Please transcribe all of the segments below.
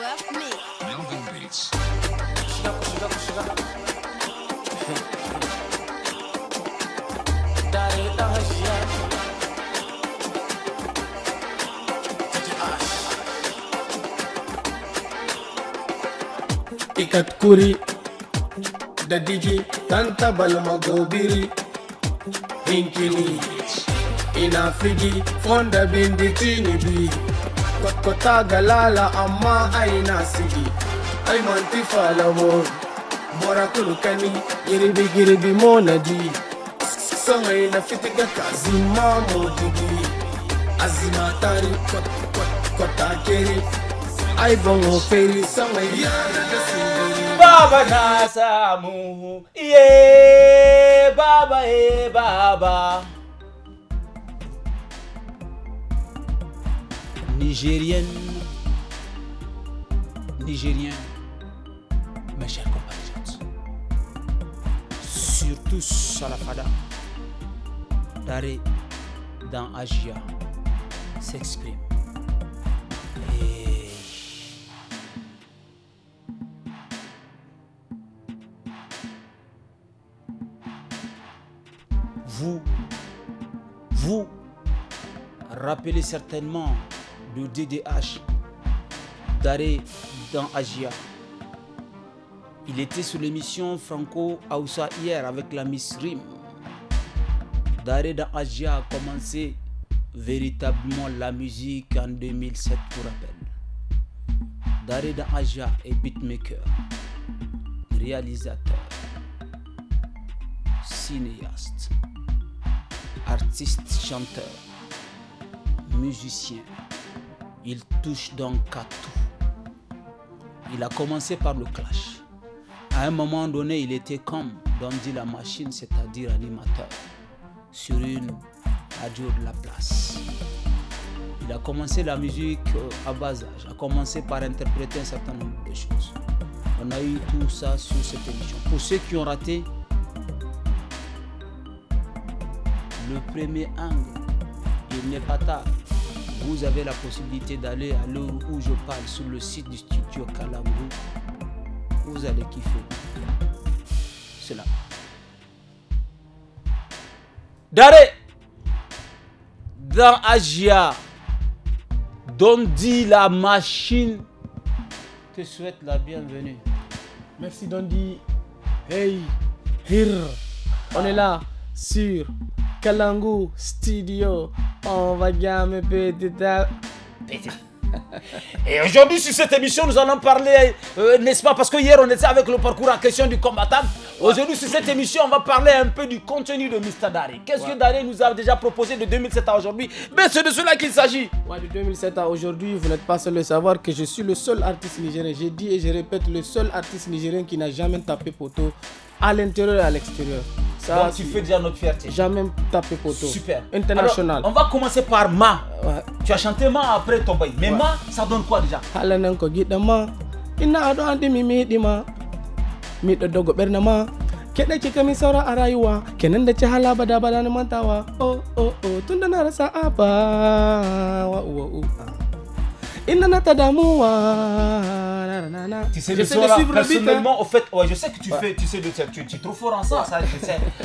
Left me. Melvin Beats. Ikat kuri tanta balma gobiri inkini ina figi fonda bindi tini Kota galala amma aina sigi Ai manti falawo Bora kulkani Girbi girbi monadi Sanga ina fitiga kazima modigi Azima tari kota kere Ai bongo feri sanga ina Baba na samu Yeah Baba eh Baba Nigérienne, Nigérien, mes chers compatriotes, surtout Salafada, Daré dans Agia s'exprime. Vous, vous rappelez certainement le DDH Daré dans Agia. Il était sur l'émission Franco Aoussa hier avec la Miss Rim. Daré dans Agia a commencé véritablement la musique en 2007 pour rappel. Daré dans Agia est beatmaker, réalisateur, cinéaste, artiste chanteur, musicien. Il touche donc à tout. Il a commencé par le clash. À un moment donné, il était comme, on dit la machine, c'est-à-dire animateur, sur une radio de la place. Il a commencé la musique euh, à bas âge, a commencé par interpréter un certain nombre de choses. On a eu tout ça sur cette émission. Pour ceux qui ont raté, le premier angle, il n'est pas tard. Vous avez la possibilité d'aller à l'heure où je parle sur le site du studio Kalangu. Vous allez kiffer. C'est là. Dare dans Agia, Dondi la machine te souhaite la bienvenue. Merci Dondi. Hey, here. On est là sur Kalangu Studio on va bien petit Et aujourd'hui, sur cette émission, nous allons parler, euh, n'est-ce pas Parce que hier, on était avec le parcours en question du combattant. Aujourd'hui, sur cette émission, on va parler un peu du contenu de Mr. Dari. Qu'est-ce que Dari nous a déjà proposé de 2007 à aujourd'hui Mais c'est de cela qu'il s'agit. Ouais, de 2007 à aujourd'hui, vous n'êtes pas seul de savoir que je suis le seul artiste nigérien. J'ai dit et je répète, le seul artiste nigérien qui n'a jamais tapé poteau à l'intérieur et à l'extérieur. Ça, Donc, tu fais déjà notre fierté. Jamais tapé photo. Super. International. Alors, on va commencer par Ma. Ouais. Tu as chanté Ma après ton bail. Mais ouais. Ma, ça donne quoi déjà Halananko gida Ma. Ina ado andi mimi di Ma. do dogo berna Ma. Keɗe kika mi saura a rayuwa, kenan da ci hala bada bada na mantawa. Oh oh oh, Tunda da na rasa aba wa uwa Ina na ta damuwa tu sais, de suivre le hein. au fait, ouais, je sais que tu fais, tu sais, tu, tu, es trop fort en ça. ça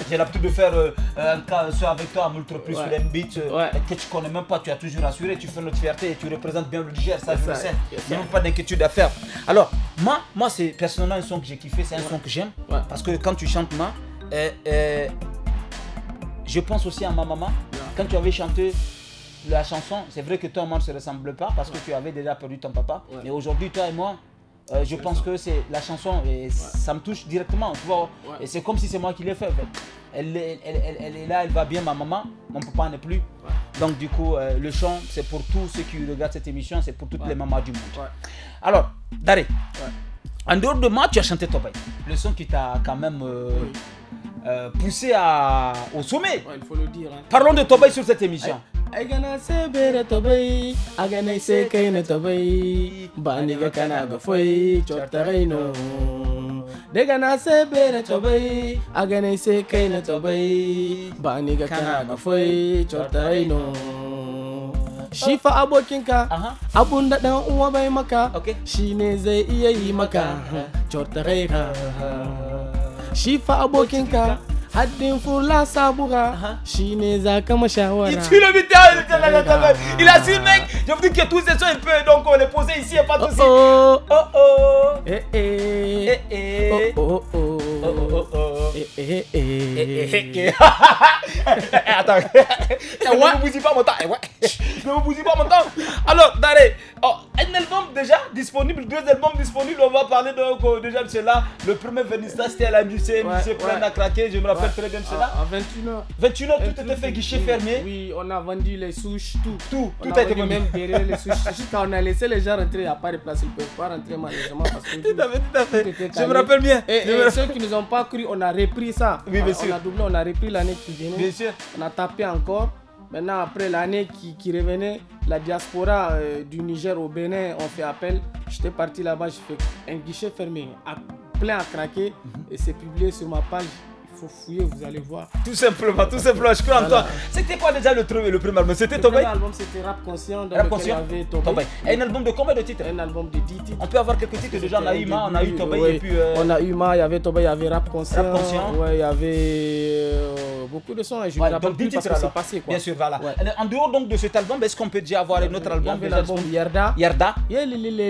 j'ai l'habitude de faire euh, un cas avec toi, un ultra plus sur un beat euh, que tu connais même pas, tu as toujours assuré, tu fais notre fierté et tu représentes bien le DJ. ça, je le sais. Il n'y a même pas d'inquiétude à faire. Alors, moi, moi c'est personnellement un son que j'ai kiffé, c'est un son que j'aime. Parce que quand tu chantes, moi, euh, je pense aussi à ma maman. Quand tu avais chanté la chanson, c'est vrai que toi et moi ne se ressemble pas parce que tu avais déjà perdu ton papa. Mais aujourd'hui, toi et moi, euh, je pense que c'est la chanson et ça me touche directement, Et c'est comme si c'est moi qui l'ai fait. Elle, elle, est là, elle va bien, ma maman, mon papa n'est plus. Donc du coup, euh, le chant, c'est pour tous ceux qui regardent cette émission, c'est pour toutes les mamans du monde. Alors, Daré, en dehors de moi, tu as chanté Tobay, le son qui t'a quand même euh, poussé au sommet. il faut le dire. Hein. Parlons de Tobay sur cette émission. ai gana sai bere ta bai a ganai sai kai na ta bai ba ni ga kana ga fai chorta raino daga na sai bere ta bai a ganai sai kai na ta bai ba ni ga kana ga fai chorta raino shi fa abokinka abun da dan uwa bai maka shi ne zai iya yi maka chorta raino shi fa abokinka Hadim furla sabura Il tue le il oh, mec, je vous dis que tous ces sons il donc on les posait ici et pas tous ici. Oh oh, oh, oh. Eh, eh eh eh oh oh oh oh oh eh attends, eh, ne vous oh pas mon temps, eh, ne vous oh pas mon temps. Alors oh, Oh, un album déjà disponible, deux albums disponibles. On va parler donc déjà de cela. Le premier Venista, c'était à la musée, MJC plein à craquer. Je me rappelle très bien de ah, cela. À, 21h. 21h, tout, était fait guichet fermé. Oui, on a vendu les souches, tout. Tout, tout a été vendu. Même derrière les souches. Quand on a laissé les gens rentrer, il n'y a pas de place. Ils ne peuvent pas rentrer malheureusement parce que. tout à fait, Je me rappelle bien. Et, personnes ceux qui ne nous ont pas cru, on a repris ça. Oui, bien on, sûr. On a doublé, on a repris l'année qui venait. Bien sûr. On a tapé encore. Maintenant, après l'année qui, revenait, la diaspora euh, du Niger au Bénin, ont fait appel. J'étais parti là-bas, j'ai fait un guichet fermé, à, plein à craquer, et c'est publié sur ma page. Il faut fouiller, vous allez voir. Tout simplement, tout simplement, je crois en toi. C'était quoi déjà le, premier album C'était Tobay Le premier album, c'était Rap Conscient, Rap conscient. avait Et Un album de combien de titres Un album de 10 titres. On peut avoir quelques titres déjà, on a eu Ma, on a eu Tobay, et puis... Euh, on a eu Ma, il y avait Tobay, il y avait Rap Conscient. Rap Conscient. Ouais, il y avait... Euh, beaucoup de sons et je ne ouais, rappelle plus parce que c'est passé. Quoi. Bien sûr, voilà. Ouais. En dehors donc de cet album, est-ce qu'on peut déjà avoir un autre album Yerda. Yerda. Yerda.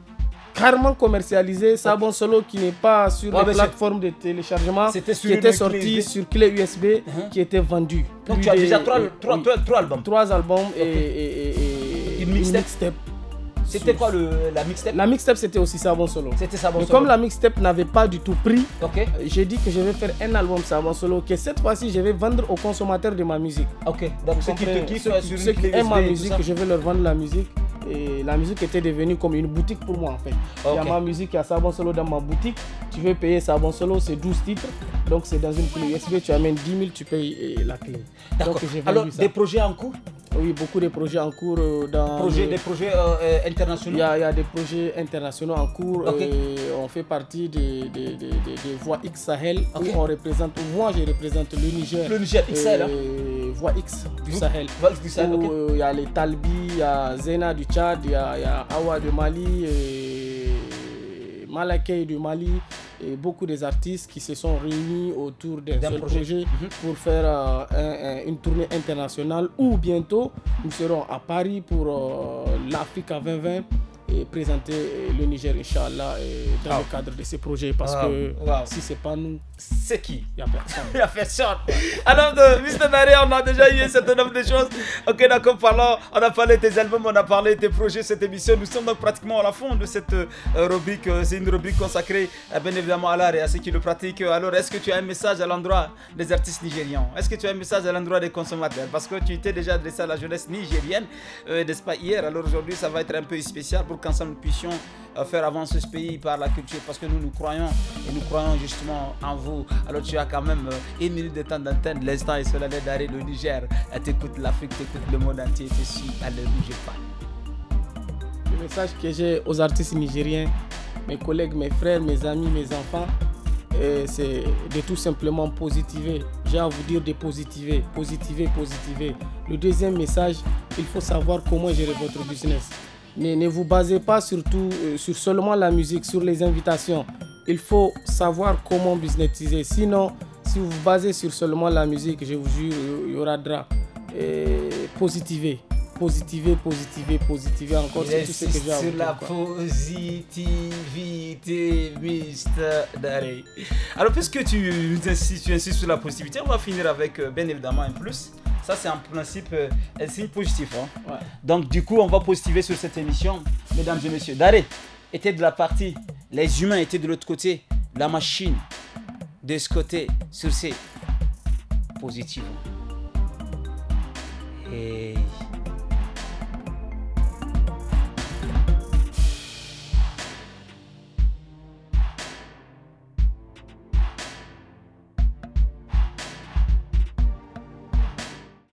rarement commercialisé. Sabon Solo qui n'est pas sur la les plateformes de téléchargement, qui était sorti sur clé USB, uh-huh. qui était vendu. Donc tu as déjà trois, albums. Trois albums et, une mixtape. c'était quoi le, la mixtape La mixtape c'était aussi Sabon Solo. C'était Solo. Comme la mixtape n'avait pas du tout pris, euh, j'ai dit que je vais faire un album Sabon Solo que cette fois-ci je vais vendre aux consommateurs de ma musique. Ok, donc ceux qui, te, euh, ceux qui aiment ma musique, je vais leur vendre la musique et la musique était devenue comme une boutique pour moi en fait. Il y a ma musique, il y a savon Solo dans ma boutique. Tu veux payer savon Solo, c'est 12 titres. Donc c'est dans une clé USB, tu amènes 10 000, tu payes euh, la clé. D'accord. Alors, des projets en cours oui, beaucoup de projets en cours. Euh, dans Des projets euh, internationaux Il y, a, des projets internationaux en cours. on fait partie des, Voix X Sahel on représente, moi je représente le Niger. Le Niger, X Sahel. Hein. Voix X du Sahel. Il euh, y a les Talbi, il y a Zena du Tchad, il y, a Awa du Mali, Malakai du Mali. Et beaucoup des artistes qui se sont réunis autour d'un projet, mhm. pour faire euh, une tournée internationale Ou bientôt nous serons à Paris pour l'Afrique à 2020 présenter euh, le Niger, Inch'Allah, euh, dans le ah. cadre de ces projets. Parce ah, que si c'est pas nous, c'est qui Il n'y a personne. Il n'y a personne. Alors, de euh, Mr. on a déjà eu un certain nombre de choses. Ok, d'accord, parlons. On a parlé de tes albums, on a parlé de tes projets, cette émission. Nous sommes donc pratiquement à la fin de cette rubrique. C'est une rubrique consacrée, bien évidemment, à l'art et à ceux qui le pratiquent. Alors, est-ce que tu as un message à l'endroit des artistes nigérians Est-ce que tu as un message à l'endroit des consommateurs Parce que tu t'es déjà adressé à la jeunesse nigérienne, n'est-ce pas, hier. Alors, aujourd'hui, ça va être un peu spécial qu'ensemble nous puissions euh, faire avancer ce pays par la culture parce que nous nous croyons et nous croyons justement en vous. Alors tu as quand même euh, une minute de temps d'antenne, l'instant et cela est d'arrêt le Niger. Euh, toute l'Afrique, tout le monde entier, t'es suis à où pas. Le message que j'ai aux artistes nigériens, mes collègues, mes frères, mes amis, mes enfants, c'est de tout simplement positiver. J'ai à vous dire de positiver, positiver, positiver. Le deuxième message, il faut savoir comment gérer votre business. Ne, vous basez pas surtout euh, sur seulement la musique, sur les invitations. Il faut savoir comment businessiser. Sinon, si vous vous basez sur seulement la musique, je vous jure, il y aura la Positiver positiver, positiver, positiver encore. C'est tout ce que j'ai Sur la positivité, Mr. Daré. Alors, puisque tu tu insistes sur la positivité, on va finir avec, euh, bien évidemment, un plus. Ça, c'est un principe un signe positif. Donc, du coup, on va positiver sur cette émission, mesdames et messieurs. Daré était de la partie, les humains étaient de l'autre côté, la machine de ce côté, sur ces positifs. Et.